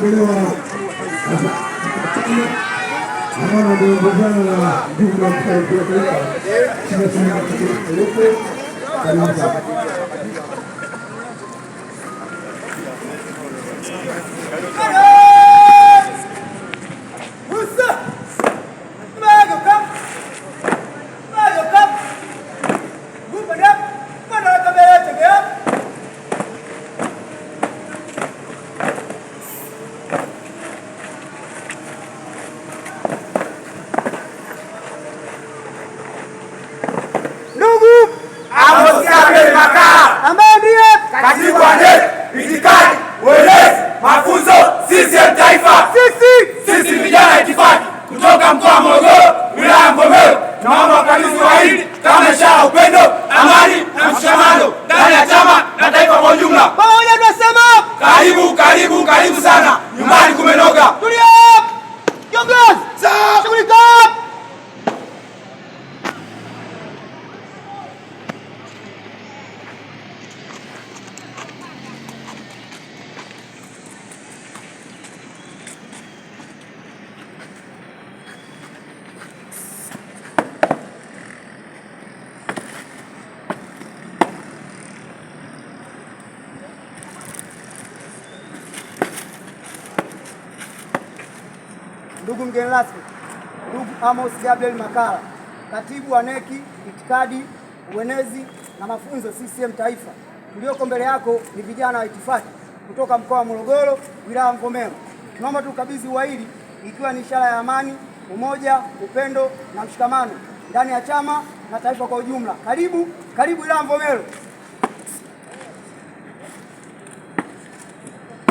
ಬಿಡುವ ಅಮ್ಮನದು ಭಜನದ ನಮಸ್ಕಾರ katibu wa NEC, itikadi, uelezi, mafunzo. CCM Taifa, sisi vijana itifaki kutoka mkoa wa Morogoro, wilaya ya Mvomero, tunaomba wakabidhi wa kama ishara ya upendo, amani na mshikamano ndani ya chama na taifa kwa ujumla. Tunasema karibu, karibu, karibu sana. Nyumbani kumenoga. Shughulika! Ndugu mgeni rasmi, ndugu Amos Gabriel Makalla, katibu wa neki itikadi, uenezi na mafunzo CCM Taifa, ulioko mbele yako ni vijana wa itifaki kutoka mkoa wa Morogoro, wilaya Mvomero. Tunaomba tukabidhi ua hili ikiwa ni ishara ya amani, umoja, upendo na mshikamano ndani ya chama na taifa kwa ujumla. Karibu, karibu wilaya Mvomero.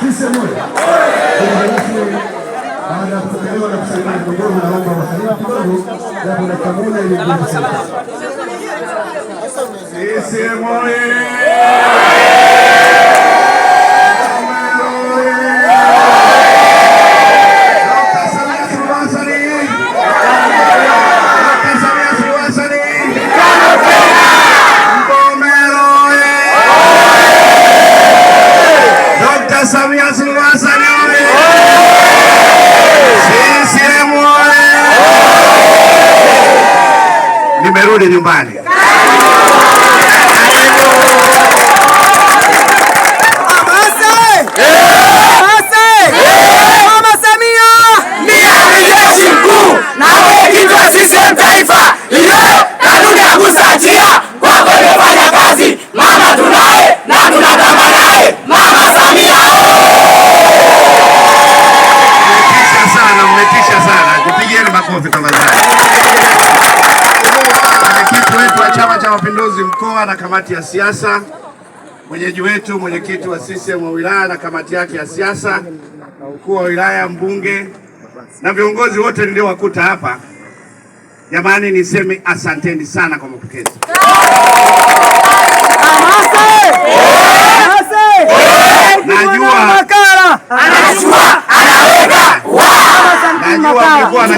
Sisi moye! Kurudi nyumbani. mkoa na kamati ya siasa, mwenyeji wetu mwenyekiti wa CCM wa wilaya na kamati yake ya siasa, mkuu wa wilaya, mbunge na viongozi wote niliowakuta hapa. Jamani, niseme asanteni sana kwa mapokezi. Najua mlikuwa na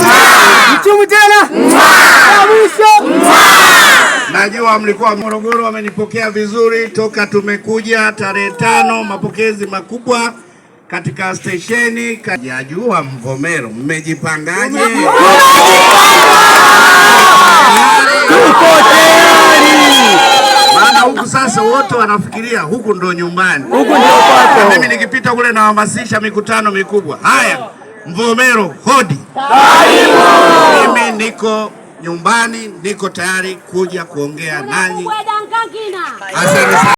Najua mlikuwa Morogoro, wamenipokea vizuri toka tumekuja tarehe tano, mapokezi makubwa katika stesheni. Kajua Mvomero, mmejipangaje? Maana huku sasa wote wanafikiria huku ndo nyumbani, huku ndio kwako. Mimi nikipita kule nahamasisha mikutano mikubwa. Haya, Mvomero hodi! Mimi niko nyumbani, niko tayari kuja kuongea nanyi. Asante.